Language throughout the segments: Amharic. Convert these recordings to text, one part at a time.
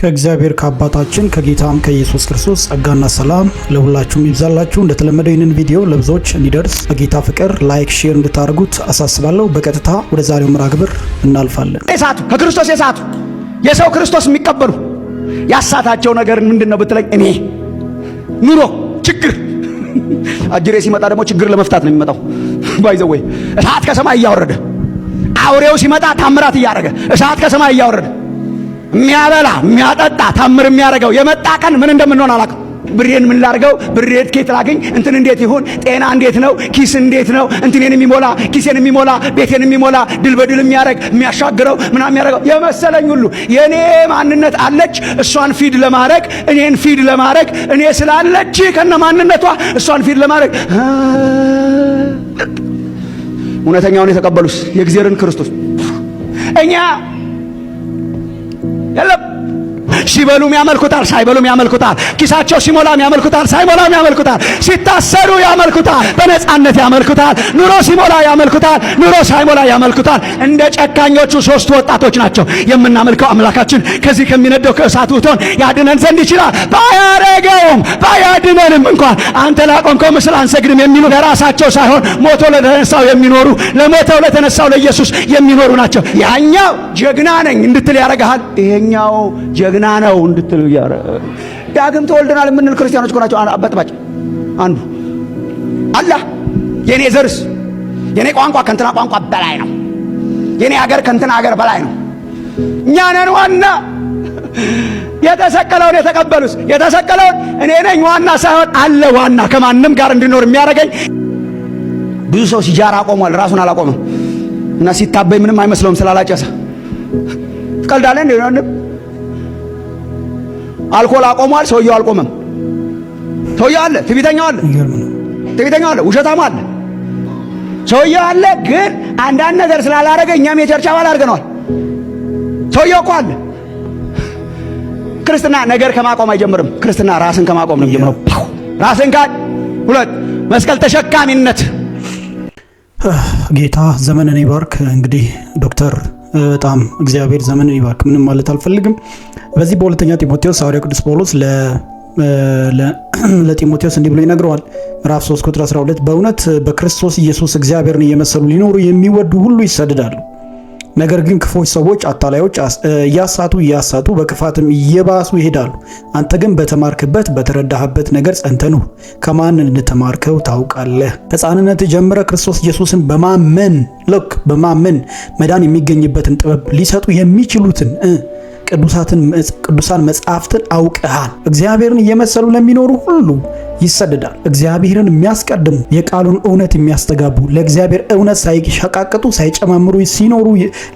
ከእግዚአብሔር ከአባታችን ከጌታም ከኢየሱስ ክርስቶስ ጸጋና ሰላም ለሁላችሁም ይብዛላችሁ። እንደተለመደው ይህንን ቪዲዮ ለብዙዎች እንዲደርስ በጌታ ፍቅር ላይክ፣ ሼር እንድታደርጉት አሳስባለሁ። በቀጥታ ወደ ዛሬው መርሃ ግብር እናልፋለን። የሳቱ ከክርስቶስ የሳቱ የሰው ክርስቶስ የሚቀበሉ ያሳታቸው ነገር ምንድን ነው ብትለኝ፣ እኔ ኑሮ ችግር አጅሬ ሲመጣ ደግሞ ችግር ለመፍታት ነው የሚመጣው። ባይዘወይ እሳት ከሰማይ እያወረደ አውሬው ሲመጣ ታምራት እያደረገ እሳት ከሰማይ እያወረደ የሚያበላ የሚያጠጣ ታምር የሚያደርገው የመጣ ቀን ምን እንደምንሆን አላውቅም። ብሬን ምን ላርገው? ብሬት ኬት ላገኝ? እንትን እንዴት ይሁን? ጤና እንዴት ነው? ኪስ እንዴት ነው? እንትኔን የሚሞላ ኪሴን የሚሞላ ቤቴን የሚሞላ ድል በድል የሚያረግ የሚያሻግረው ምናምን የሚያረገው የመሰለኝ ሁሉ የእኔ ማንነት አለች። እሷን ፊድ ለማድረግ እኔን ፊድ ለማድረግ እኔ ስላለች ከነ ማንነቷ እሷን ፊድ ለማድረግ እውነተኛውን የተቀበሉስ የእግዚአብሔርን ክርስቶስ እኛ يلا ሲበሉም ያመልኩታል፣ ሳይበሉም ያመልኩታል። ኪሳቸው ሲሞላም ያመልኩታል፣ ሳይሞላም ያመልኩታል። ሲታሰሩ ያመልኩታል፣ በነጻነት ያመልኩታል። ኑሮ ሲሞላ ያመልኩታል፣ ኑሮ ሳይሞላ ያመልኩታል። እንደ ጨካኞቹ ሶስቱ ወጣቶች ናቸው። የምናመልከው አምላካችን ከዚህ ከሚነደው ከእሳት ውቶን ያድነን ዘንድ ይችላል። ባያረገውም ባያድነንም እንኳን አንተ ላቆምከው ምስል አንሰግድም የሚሉ ለራሳቸው ሳይሆን ሞቶ ለተነሳው የሚኖሩ ለሞተው ለተነሳው ለኢየሱስ የሚኖሩ ናቸው። ያኛው ጀግና ነኝ እንድትል ያደርግሃል። ይሄኛው ጀግና ነው እንድትል ዳግም ተወልደናል የምንል ክርስቲያኖች ከሆናቸው አበጥባጭ አንዱ አላ የኔ ዘርስ የኔ ቋንቋ ከእንትና ቋንቋ በላይ ነው። የኔ ሀገር ከንትና ሀገር በላይ ነው። እኛ ነን ዋና። የተሰቀለውን የተቀበሉስ የተሰቀለውን እኔ ነኝ ዋና ሳይሆን አለ ዋና ከማንም ጋር እንድኖር የሚያደርገኝ ብዙ ሰው ሲጃራ አቆሟል። ራሱን አላቆመም እና ሲታበይ ምንም አይመስለውም ስላላጨሰ ቀልዳለን አልኮል አቆሟል። ሰውየው አልቆመም። ሰውየው አለ፣ ትዕቢተኛው አለ፣ ትቢተኛው አለ፣ ውሸታም አለ፣ ሰውየው አለ። ግን አንዳንድ ነገር ስላላረገ እኛም የቸርች አባል አድርገነዋል። ሰውየው እኮ አለ። ክርስትና ነገር ከማቆም አይጀምርም። ክርስትና ራስን ከማቆም ነው የሚጀምረው። ራስን ካድ ሁለት መስቀል ተሸካሚነት ጌታ ዘመንን ይባርክ። እንግዲህ ዶክተር በጣም እግዚአብሔር ዘመንን ይባርክ። ምንም ማለት አልፈልግም። በዚህ በሁለተኛ ጢሞቴዎስ ሐዋርያው ቅዱስ ጳውሎስ ለጢሞቴዎስ እንዲህ ብሎ ይነግረዋል። ምዕራፍ 3 ቁጥር 12 በእውነት በክርስቶስ ኢየሱስ እግዚአብሔርን እየመሰሉ ሊኖሩ የሚወዱ ሁሉ ይሰደዳሉ። ነገር ግን ክፎች ሰዎች፣ አታላዮች እያሳቱ እያሳቱ በክፋትም እየባሱ ይሄዳሉ። አንተ ግን በተማርክበት በተረዳህበት ነገር ጸንተህ ከማን እንደተማርከው ታውቃለህ። ሕፃንነት ጀምረ ክርስቶስ ኢየሱስን በማመን ልክ በማመን መዳን የሚገኝበትን ጥበብ ሊሰጡ የሚችሉትን ቅዱሳትን ቅዱሳን መጽሐፍትን አውቀሃል። እግዚአብሔርን እየመሰሉ ለሚኖሩ ሁሉ ይሰደዳል። እግዚአብሔርን የሚያስቀድሙ የቃሉን እውነት የሚያስተጋቡ ለእግዚአብሔር እውነት ሳይሻቃቅጡ ሳይጨማምሩ ሲኖሩ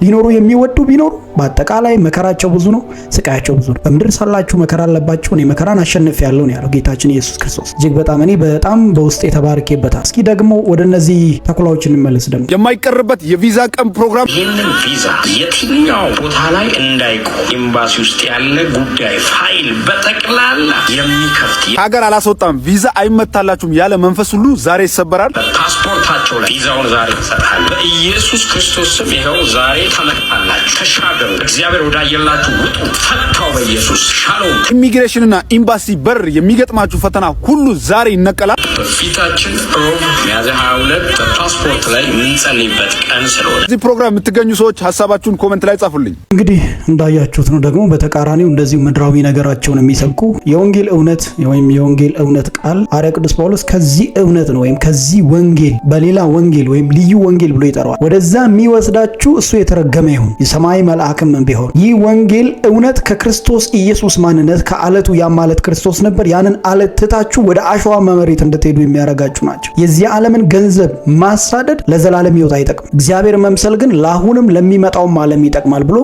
ሊኖሩ የሚወዱ ቢኖሩ በአጠቃላይ መከራቸው ብዙ ነው፣ ስቃያቸው ብዙ ነው። በምድር ሳላችሁ መከራ አለባችሁ፣ እኔ መከራን አሸንፍ ያለው ነው ያለው ጌታችን ኢየሱስ ክርስቶስ። እጅግ በጣም እኔ በጣም በውስጥ ተባርኬበታል። እስኪ ደግሞ ወደ እነዚህ ተኩላዎች እንመለስ። ደግሞ የማይቀርበት የቪዛ ቀን ፕሮግራም ይህንን ቪዛ የትኛው ቦታ ላይ እንዳይቆም ኤምባሲ ውስጥ ያለ ጉዳይ ፋይል በጠቅላላ የሚከፍት ሀገር አላስወጣም ቪዛ አይመታላችሁም ያለ መንፈስ ሁሉ ዛሬ ይሰበራል። ፓስፖርታቸው ላይ ቪዛውን ዛሬ ይሰጣል። በኢየሱስ ክርስቶስ ስም ይኸው ዛሬ ተመታላችሁ፣ ተሻገሩ። እግዚአብሔር ወዳየላችሁ ውጡ፣ ፈታው በኢየሱስ ሻሎም። ኢሚግሬሽንና ኢምባሲ በር የሚገጥማችሁ ፈተና ሁሉ ዛሬ ይነቀላል። በፊታችን ሮብ ሚያዝያ 22 ፓስፖርት ላይ የምንጸልይበት ቀን ስለሆነ እዚህ ፕሮግራም የምትገኙ ሰዎች ሀሳባችሁን ኮመንት ላይ ጻፉልኝ። እንግዲህ እንዳያችሁት ነው ደግሞ በተቃራኒው እንደዚሁ ምድራዊ ነገራቸውን የሚሰብኩ የወንጌል እውነት ወይም የወንጌል እውነት ቃል ሐዋርያው ቅዱስ ጳውሎስ ከዚህ እውነት ነው ወይም ከዚህ ወንጌል በሌላ ወንጌል ወይም ልዩ ወንጌል ብሎ ይጠራዋል። ወደዛ የሚወስዳችሁ እሱ የተረገመ ይሁን የሰማይ መልአክም ቢሆን ይህ ወንጌል እውነት ከክርስቶስ ኢየሱስ ማንነት ከአለቱ ያ ማለት ክርስቶስ ነበር። ያንን አለት ትታችሁ ወደ አሸዋ መሬት እንድትሄዱ የሚያረጋችሁ ናቸው። የዚህ ዓለምን ገንዘብ ማሳደድ ለዘላለም ሕይወት አይጠቅም። እግዚአብሔር መምሰል ግን ለአሁንም ለሚመጣውም ዓለም ይጠቅማል ብሎ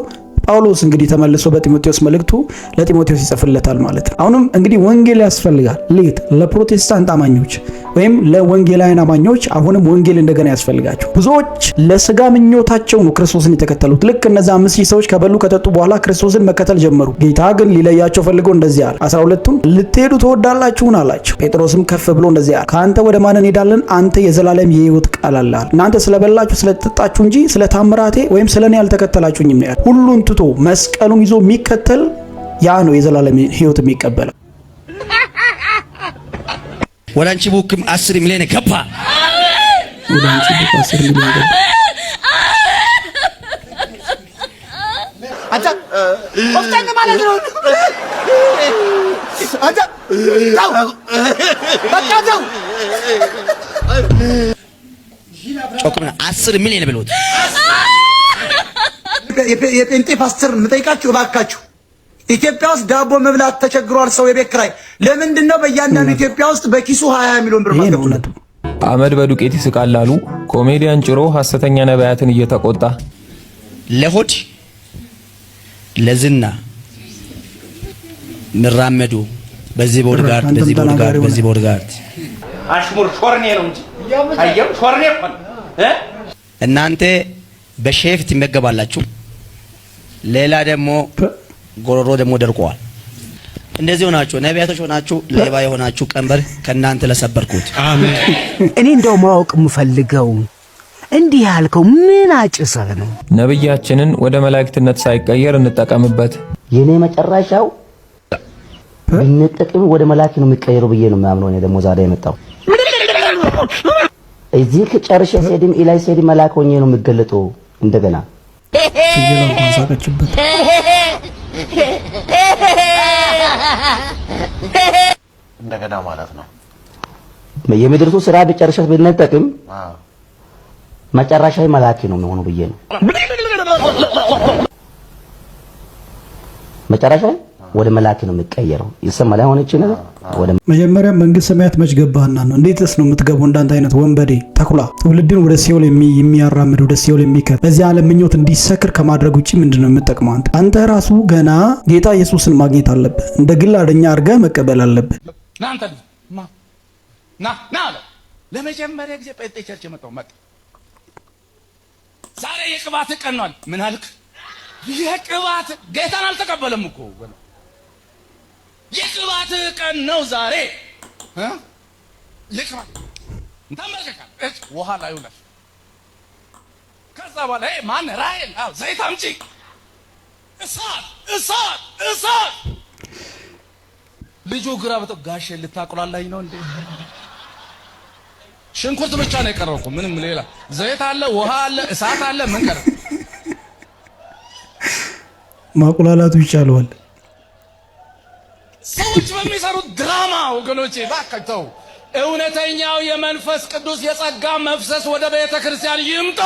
ጳውሎስ እንግዲህ ተመልሶ በጢሞቴዎስ መልእክቱ ለጢሞቴዎስ ይጽፍለታል ማለት ነው። አሁንም እንግዲህ ወንጌል ያስፈልጋል። ሌት ለፕሮቴስታንት አማኞች ወይም ለወንጌላውያን አማኞች አሁንም ወንጌል እንደገና ያስፈልጋቸው። ብዙዎች ለስጋ ምኞታቸው ነው ክርስቶስን የተከተሉት። ልክ እነዚ አምስት ሺህ ሰዎች ከበሉ ከጠጡ በኋላ ክርስቶስን መከተል ጀመሩ። ጌታ ግን ሊለያቸው ፈልገው እንደዚህ አለ። አስራ ልትሄዱ ትወዳላችሁን አላቸው። ጴጥሮስም ከፍ ብሎ እንደዚህ አለ፣ ከአንተ ወደ ማን እንሄዳለን? አንተ የዘላለም የህይወት ቃል አለህ። እናንተ ስለበላችሁ ስለጠጣችሁ እንጂ ስለ ታምራቴ ወይም ስለ እኔ አልተከተላችሁኝም ነው ያለ። ሁሉን ትቶ መስቀሉን ይዞ የሚከተል ያ ነው የዘላለም ህይወት የሚቀበለው። ወደ አንቺ ቡክም አስር ሚሊዮን ገባ። አስር ሚሊዮን ብሎት የጴንጤ ፓስተር የምጠይቃችሁ እባካችሁ ኢትዮጵያ ውስጥ ዳቦ መብላት ተቸግሯል ሰው የቤት ኪራይ ለምንድን ነው በእያንዳንዱ ኢትዮጵያ ውስጥ በኪሱ 20 ሚሊዮን ብር ማስገቡለት አመድ በዱቄት ይስቃል አሉ ኮሜዲያን ጭሮ ሐሰተኛ ነቢያትን እየተቆጣ ለሆድ ለዝና ምራመዱ በዚህ ጋር በዚህ ጋር በዚህ ጋር አሽሙር ሾርኔ ነው እንጂ አየው ሾርኔ እኮ እናንተ በሼፍ ትመገባላችሁ ሌላ ደግሞ ጎሮሮ ደግሞ ደርቋል። እንደዚህ ሆናችሁ ነቢያቶች ሆናችሁ ሌባ የሆናችሁ ቀንበር ከእናንተ ለሰበርኩት። እኔ እንደው ማወቅ የምፈልገው እንዲህ ያልከው ምን አጭሰህ ነው? ነቢያችንን ወደ መላእክትነት ሳይቀየር እንጠቀምበት። የኔ መጨረሻው ብንጠቅም ወደ መላእክት ነው የሚቀየሩ ብዬ ነው የማምነው። እኔ ደግሞ ዛሬ የመጣው እዚህ ጨርሼ ስሄድም ኢላይ ስሄድም መልአክ ሆኜ ነው የምገለጠው እንደገና ፍየሏን ሳቀችበት። እንደገና ማለት ነው የምድርቱ ስራ ብጨርሰት ብንጠቅም መጨረሻ መላኪ ነው የሚሆነው ብዬ ነው መጨረሻ ወደ መላክ ነው የሚቀየረው። ይሰማል። ሆነች ነገር መጀመሪያ መንግስት ሰማያት መች ገባህና ነው? እንዴትስ ነው የምትገቡ? እንዳንተ አይነት ወንበዴ ተኩላ ትውልድን ወደ ሲኦል የሚያራምድ ወደ ሲኦል የሚከት በዚህ ዓለም ምኞት እንዲሰክር ከማድረግ ውጭ ምንድን ነው የምጠቅመው? አንተ አንተ ራሱ ገና ጌታ ኢየሱስን ማግኘት አለብህ። እንደ ግል አደኛ አድርገህ መቀበል አለብህ። ለመጀመሪያ ጊዜ ጴንጤ ቸርች የመጣው መጣ። ዛሬ የቅባት ቀን ነው። ምን አልክ? የቅባት ጌታን አልተቀበለም እኮ የቅባት ቀን ነው ዛሬ። ተመልከት፣ ውሃ ላይ ከዛ በኋላ ማን ዘይት አምጪ፣ እሳት እሳት እሳት። ልጁ ግራ በጠ ጋሼ ልታቁላላኝ ነው እንዴ? ሽንኩርት ብቻ ነው የቀረው ምንም ሌላ። ዘይት አለ፣ ውሃ አለ፣ እሳት አለ። ምን ቀረ? ማቁላላቱ ይቻለዋል። ሰዎች በሚሰሩት ድራማ ወገኖቼ እባካችሁ ተው። እውነተኛው የመንፈስ ቅዱስ የጸጋ መፍሰስ ወደ ቤተ ክርስቲያን ይምጣ።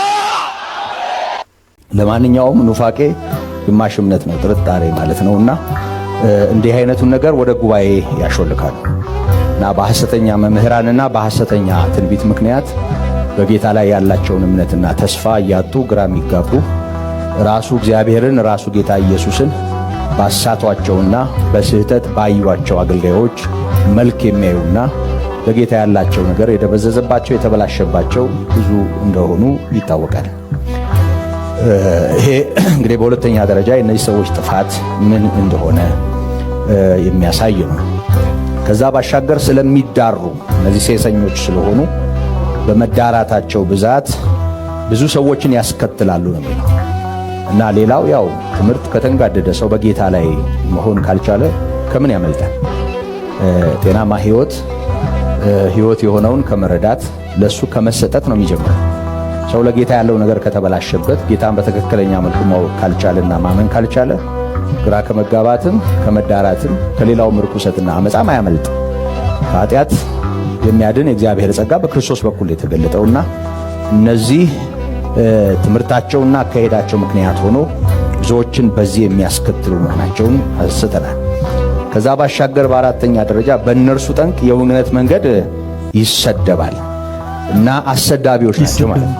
ለማንኛውም ኑፋቄ ግማሽ እምነት ነው፣ ጥርጣሬ ማለት ነው እና እንዲህ አይነቱን ነገር ወደ ጉባኤ ያሾልካሉ እና በሐሰተኛ መምህራንና በሐሰተኛ ትንቢት ምክንያት በጌታ ላይ ያላቸውን እምነትና ተስፋ እያጡ ግራ የሚጋቡ ራሱ እግዚአብሔርን ራሱ ጌታ ኢየሱስን ባሳቷቸውና በስህተት ባዩዋቸው አገልጋዮች መልክ የሚያዩና በጌታ ያላቸው ነገር የደበዘዘባቸው የተበላሸባቸው ብዙ እንደሆኑ ይታወቃል። ይሄ እንግዲህ በሁለተኛ ደረጃ የእነዚህ ሰዎች ጥፋት ምን እንደሆነ የሚያሳይ ነው። ከዛ ባሻገር ስለሚዳሩ እነዚህ ሴሰኞች ስለሆኑ በመዳራታቸው ብዛት ብዙ ሰዎችን ያስከትላሉ ነው እና ሌላው ያው ትምህርት ከተንጋደደ ሰው በጌታ ላይ መሆን ካልቻለ ከምን ያመልጣል? ጤናማ ህይወት ህይወት የሆነውን ከመረዳት ለሱ ከመሰጠት ነው የሚጀምረው። ሰው ለጌታ ያለው ነገር ከተበላሸበት ጌታን በትክክለኛ መልኩ ማወቅ ካልቻለና ማመን ካልቻለ ግራ ከመጋባትም ከመዳራትም ከሌላው ምርኩሰትና አመፃም አያመልጥ። ከኃጢአት የሚያድን የእግዚአብሔር ጸጋ በክርስቶስ በኩል የተገለጠውና እነዚህ ትምህርታቸውና አካሄዳቸው ምክንያት ሆኖ ብዙዎችን በዚህ የሚያስከትሉ መሆናቸውን አንስተናል። ከዛ ባሻገር በአራተኛ ደረጃ በእነርሱ ጠንቅ የእውነት መንገድ ይሰደባል እና አሰዳቢዎች ናቸው ማለት ነው።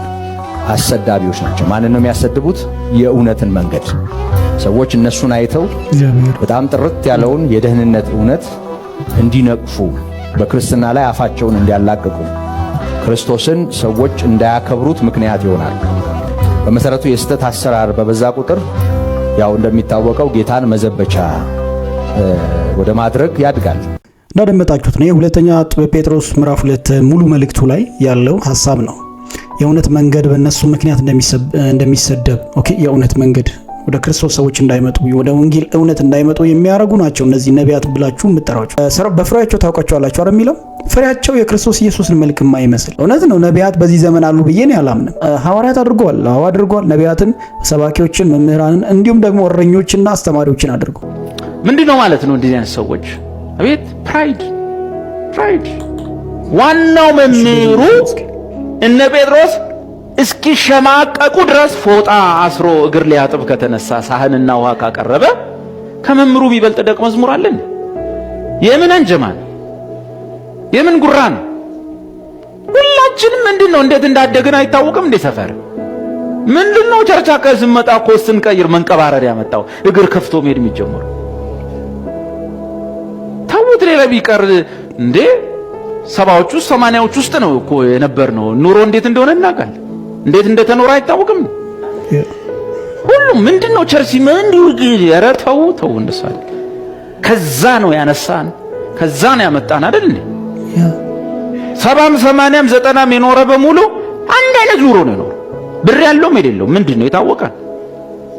አሰዳቢዎች ናቸው። ማንን ነው የሚያሰድቡት? የእውነትን መንገድ ሰዎች እነሱን አይተው በጣም ጥርት ያለውን የደህንነት እውነት እንዲነቅፉ፣ በክርስትና ላይ አፋቸውን እንዲያላቅቁ፣ ክርስቶስን ሰዎች እንዳያከብሩት ምክንያት ይሆናል። በመሰረቱ የስህተት አሰራር በበዛ ቁጥር ያው እንደሚታወቀው ጌታን መዘበቻ ወደ ማድረግ ያድጋል። እንዳደመጣችሁት ነው የሁለተኛ ጴጥሮስ ምዕራፍ ሁለት ሙሉ መልእክቱ ላይ ያለው ሀሳብ ነው። የእውነት መንገድ በእነሱ ምክንያት እንደሚሰደብ ኦኬ የእውነት መንገድ ወደ ክርስቶስ ሰዎች እንዳይመጡ ወደ ወንጌል እውነት እንዳይመጡ የሚያደርጉ ናቸው። እነዚህ ነቢያት ብላችሁ የምጠራቸው በፍሬያቸው ታውቋቸዋላችሁ አይደል የሚለው ፍሬያቸው የክርስቶስ ኢየሱስን መልክ የማይመስል እውነት ነው። ነቢያት በዚህ ዘመን አሉ ብዬ ነው ያላምንም። ሐዋርያት አድርገዋል፣ አዎ አድርገዋል። ነቢያትን፣ ሰባኪዎችን፣ መምህራንን እንዲሁም ደግሞ እረኞችና አስተማሪዎችን አድርገው ምንድን ነው ማለት ነው እንደዚህ አይነት ሰዎች አቤት ፕራይድ ፕራይድ ዋናው መምህሩ እነ ጴጥሮስ እስኪሸማቀቁ ድረስ ፎጣ አስሮ እግር ሊያጥብ ከተነሳ ሳህንና ውሃ ካቀረበ ከመምሩ ቢበልጥ ደቀ መዝሙር አለን? የምን አንጀማ የምን ጉራ ነው? ሁላችንም ምንድን ነው እንዴት እንዳደግን አይታወቅም። እንዴ ሰፈር ምንድን ነው ቸርቻ ከስመጣ እኮ ስንቀይር መንቀባረር ያመጣው እግር ከፍቶ መሄድ የሚጀምሩ ታውት ሌላ ቢቀር እንዴ ሰባዎቹ ውስጥ ሰማንያዎች ውስጥ ነው እኮ የነበር ነው ኑሮ እንዴት እንደሆነ እናውቃለን። እንዴት እንደተኖረ አይታወቅም። ሁሉም ምንድን ነው ቸርሲ ምን ኧረ ተው ተው እንደሳለ ከዛ ነው ያነሳን፣ ከዛ ነው ያመጣን አይደል እንዴ? ሰባም ሰማንያም ዘጠናም የኖረ በሙሉ አንድ አይነት ኑሮ ነው የኖረ። ብር ያለውም የሌለውም ምንድን ነው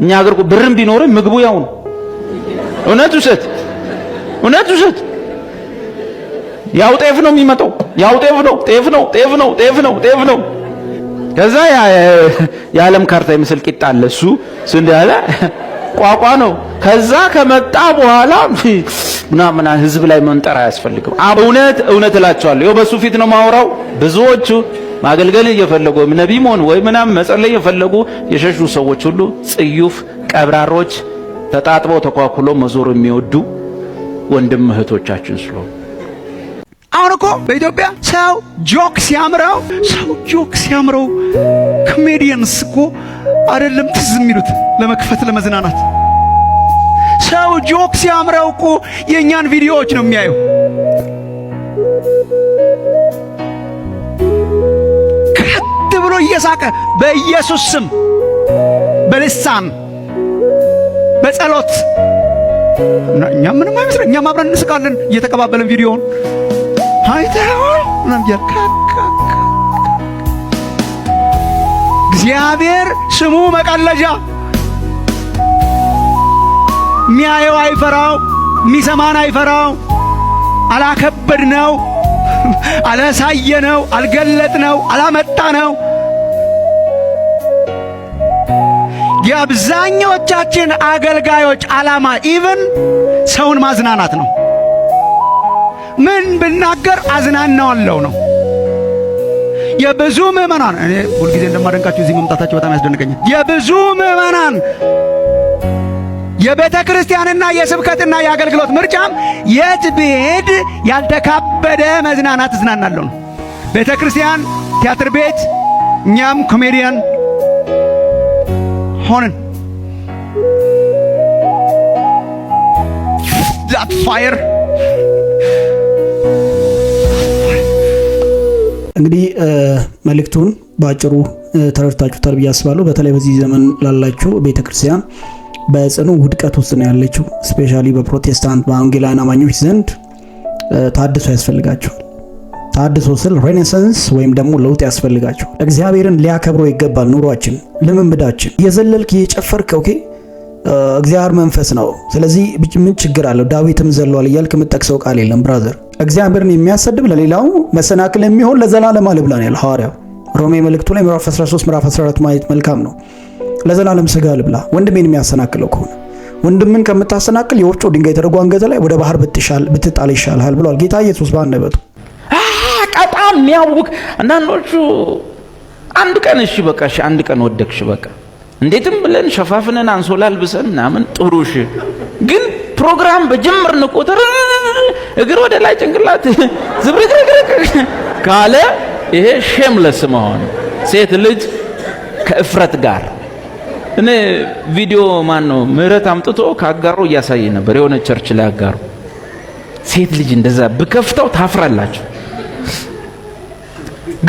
እኛ ሀገር እኮ ብርም ቢኖር ምግቡ ያው ነው። እውነት ውሸት፣ እውነት ውሸት። ያው ጤፍ ነው የሚመጣው፣ ያው ጤፍ ነው፣ ጤፍ ነው፣ ጤፍ ነው፣ ጤፍ ነው፣ ጤፍ ነው ከዛ የዓለም ካርታ የምስል ቂጣ አለ። እሱ ስንዴ ቋቋ ነው። ከዛ ከመጣ በኋላ ምናምን ህዝብ ላይ መንጠር አያስፈልግም። እውነት እውነት እላቸዋለሁ። ይኸው በሱ ፊት ነው ማውራው። ብዙዎቹ ማገልገል እየፈለጉ ወይም መሆን ወይ ምናምን መጸለይ እየፈለጉ የሸሹ ሰዎች ሁሉ ጽዩፍ ቀብራሮች፣ ተጣጥበው ተኳኩሎ መዞር የሚወዱ ወንድም እህቶቻችን ስለሆኑ አሁን እኮ በኢትዮጵያ ሰው ጆክ ሲያምረው ሰው ጆክ ሲያምረው ኮሜዲየንስ እኮ አይደለም ትዝ የሚሉት ለመክፈት ለመዝናናት። ሰው ጆክ ሲያምረው እኮ የእኛን ቪዲዮዎች ነው የሚያዩ። ከት ብሎ እየሳቀ በኢየሱስ ስም በልሳን በጸሎት እኛ ምንም አይመስለን። እኛም አብረን እንስቃለን እየተቀባበለን ቪዲዮውን አይተኸዋል ምናምን እያለ እግዚአብሔር ስሙ መቀለጃ ሚያየው አይፈራው፣ ሚሰማን አይፈራው። አላከበድ ነው፣ አላሳየ ነው፣ አልገለጥ ነው፣ አላመጣ ነው። የአብዛኛዎቻችን አገልጋዮች ዓላማ ኢቭን ሰውን ማዝናናት ነው። ምን ብናገር አዝናናዋለሁ ነው የብዙ ምዕመናን እኔ ሁልጊዜ እንደማደንቃችሁ እዚህ መምጣታችሁ በጣም ያስደንቀኛል። የብዙ ምዕመናን የቤተ ክርስቲያንና የስብከትና የአገልግሎት ምርጫም የት ብሄድ ያልተካበደ መዝናናት እዝናናለሁ ነው። ቤተ ክርስቲያን፣ ቲያትር ቤት፣ እኛም ኮሜዲያን ሆንን ዛት ፋየር እንግዲህ መልእክቱን በአጭሩ ተረድታችሁታል ብዬ አስባለሁ። በተለይ በዚህ ዘመን ላላችሁ ቤተክርስቲያን በጽኑ ውድቀት ውስጥ ነው ያለችው። ስፔሻሊ በፕሮቴስታንት በወንጌላውያን አማኞች ዘንድ ታድሶ ያስፈልጋቸዋል። ታድሶ ስል ሬኔሳንስ ወይም ደግሞ ለውጥ ያስፈልጋቸዋል። እግዚአብሔርን ሊያከብረው ይገባል። ኑሯችን፣ ልምምዳችን እየዘለልክ እየጨፈርክ ኦኬ፣ እግዚአብሔር መንፈስ ነው። ስለዚህ ምን ችግር አለው? ዳዊትም ዘሏል እያልክ የምጠቅሰው ቃል የለም ብራዘር እግዚአብሔርን የሚያሰድብ ለሌላው መሰናክል የሚሆን ለዘላለም አለ ነው ያለ ሐዋርያው ሮሜ መልእክቱ ላይ ምዕራፍ 13 ምዕራፍ 14 ማየት መልካም ነው። ለዘላለም ስጋ ልብላ ወንድሜን የሚያሰናክለው ከሆነ ወንድምን ከምታሰናክል የወፍጮ ድንጋይ ተደርጎ አንገተ ላይ ወደ ባህር ብትጣል ይሻልሃል ብሏል ጌታ ኢየሱስ በአንደበቱ በጣም የሚያውቅ አንዳንዶቹ አንድ ቀን እሺ በቃ እሺ አንድ ቀን ወደቅሽ በቃ እንዴትም ብለን ሸፋፍነን አንሶላ ልብሰን ምናምን ጥሩሽ ግን ፕሮግራም በጀመርን ቁጥር እግር ወደ ላይ ጭንቅላት ዝብርቅርቅርቅ ካለ ይሄ ሼምለስ መሆን ሴት ልጅ ከእፍረት ጋር እኔ ቪዲዮ ማን ነው ምህረት አምጥቶ ከአጋሩ እያሳየ ነበር። የሆነ ቸርች ላይ አጋሩ ሴት ልጅ እንደዛ ብከፍተው ታፍራላችሁ።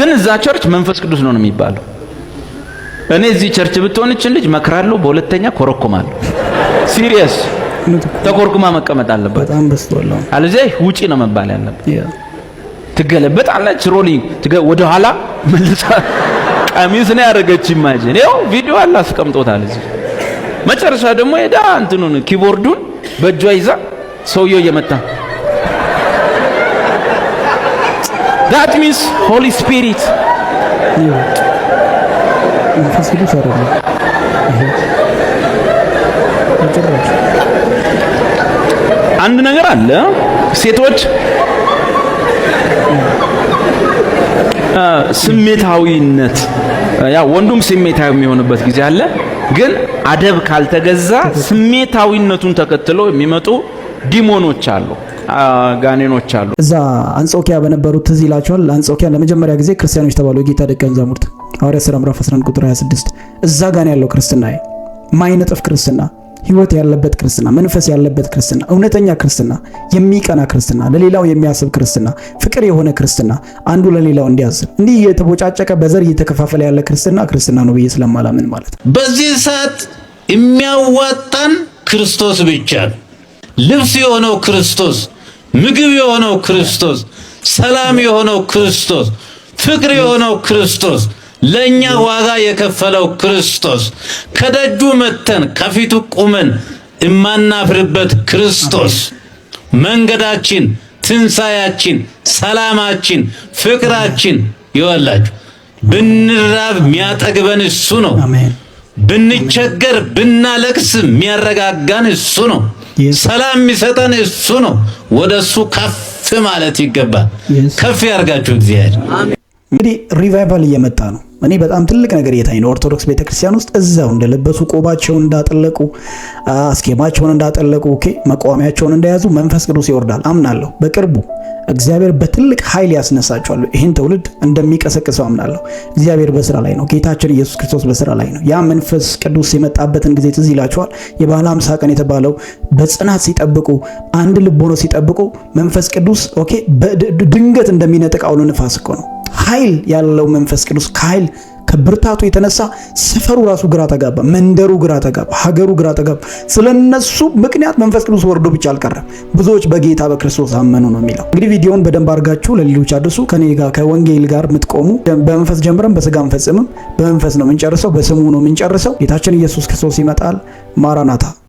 ግን እዛ ቸርች መንፈስ ቅዱስ ነው ነው የሚባለው። እኔ እዚህ ቸርች ብትሆንችን ልጅ መክራለሁ፣ በሁለተኛ ኮረኮማለሁ። ሲሪየስ ተኮርኩማ መቀመጥ አለበት። በጣም በስቷል። አለዚያ ውጪ ነው መባል ያለበት። ትገለበጥ አለች ሮሊንግ ወደ ኋላ መልሳ ቀሚስ ነው ያደረገች። ኢማጂን ይኸው ቪዲዮ አለ አስቀምጦታል እዚህ። መጨረሻ ደግሞ ሄዳ እንትኑን ኪቦርዱን በእጇ ይዛ ሰውየው እየመታ ዳት ሚንስ ሆሊ ስፒሪት መንፈስ ቅዱስ አይደለም። አንድ ነገር አለ። ሴቶች ስሜታዊነት ያ ወንዱም ስሜታዊ የሚሆንበት ጊዜ አለ። ግን አደብ ካልተገዛ ስሜታዊነቱን ተከትሎ የሚመጡ ዲሞኖች አሉ፣ ጋኔኖች አሉ። እዛ አንጾኪያ በነበሩት ትዝ ይላቸዋል። አንጾኪያ ለመጀመሪያ ጊዜ ክርስቲያኖች ተባሉ፣ የጌታ ደቀ መዛሙርት ሐዋርያት ሥራ ምዕራፍ 11 ቁጥር 26። እዛ ጋኔ ያለው ክርስትና ማይነጥፍ ክርስትና ህይወት ያለበት ክርስትና፣ መንፈስ ያለበት ክርስትና፣ እውነተኛ ክርስትና፣ የሚቀና ክርስትና፣ ለሌላው የሚያስብ ክርስትና፣ ፍቅር የሆነ ክርስትና፣ አንዱ ለሌላው እንዲያስብ፣ እንዲህ እየተቦጫጨቀ በዘር እየተከፋፈለ ያለ ክርስትና ክርስትና ነው ብዬ ስለማላምን ማለት ነው። በዚህ ሰዓት የሚያዋጣን ክርስቶስ ብቻ ልብስ የሆነው ክርስቶስ፣ ምግብ የሆነው ክርስቶስ፣ ሰላም የሆነው ክርስቶስ፣ ፍቅር የሆነው ክርስቶስ ለእኛ ዋጋ የከፈለው ክርስቶስ ከደጁ መተን ከፊቱ ቁመን እማናፍርበት ክርስቶስ መንገዳችን፣ ትንሣያችን፣ ሰላማችን፣ ፍቅራችን ይወላችሁ። ብንራብ የሚያጠግበን እሱ ነው። ብንቸገር ብናለቅስ የሚያረጋጋን እሱ ነው። ሰላም የሚሰጠን እሱ ነው። ወደ እሱ ከፍ ማለት ይገባል። ከፍ ያርጋችሁ እግዚአብሔር እንግዲህ ሪቫይቫል እየመጣ ነው። እኔ በጣም ትልቅ ነገር እየታኝ ነው። ኦርቶዶክስ ቤተክርስቲያን ውስጥ እዛው እንደለበሱ ቆባቸውን እንዳጠለቁ፣ አስኬማቸውን እንዳጠለቁ፣ ኦኬ መቋሚያቸውን እንደያዙ መንፈስ ቅዱስ ይወርዳል አምናለሁ። በቅርቡ እግዚአብሔር በትልቅ ኃይል ያስነሳቸዋል። ይህን ትውልድ እንደሚቀሰቅሰው አምናለሁ። እግዚአብሔር በስራ ላይ ነው። ጌታችን ኢየሱስ ክርስቶስ በስራ ላይ ነው። ያ መንፈስ ቅዱስ የመጣበትን ጊዜ ትዝ ይላቸዋል። የበዓለ ሃምሳ ቀን የተባለው በጽናት ሲጠብቁ፣ አንድ ልብ ሆነው ሲጠብቁ መንፈስ ቅዱስ ኦኬ ድንገት እንደሚነጥቅ አውሎ ንፋስ እኮ ነው ኃይል ያለው መንፈስ ቅዱስ ከኃይል ከብርታቱ የተነሳ ሰፈሩ ራሱ ግራ ተጋባ፣ መንደሩ ግራ ተጋባ፣ ሀገሩ ግራ ተጋባ። ስለነሱ ምክንያት መንፈስ ቅዱስ ወርዶ ብቻ አልቀረም፣ ብዙዎች በጌታ በክርስቶስ አመኑ ነው የሚለው። እንግዲህ ቪዲዮውን በደንብ አድርጋችሁ ለሌሎች አድርሱ። ከኔ ጋር ከወንጌል ጋር የምትቆሙ በመንፈስ ጀምረን በስጋ አንፈጽምም፣ በመንፈስ ነው የምንጨርሰው፣ በስሙ ነው የምንጨርሰው። ጌታችን ኢየሱስ ክርስቶስ ይመጣል። ማራናታ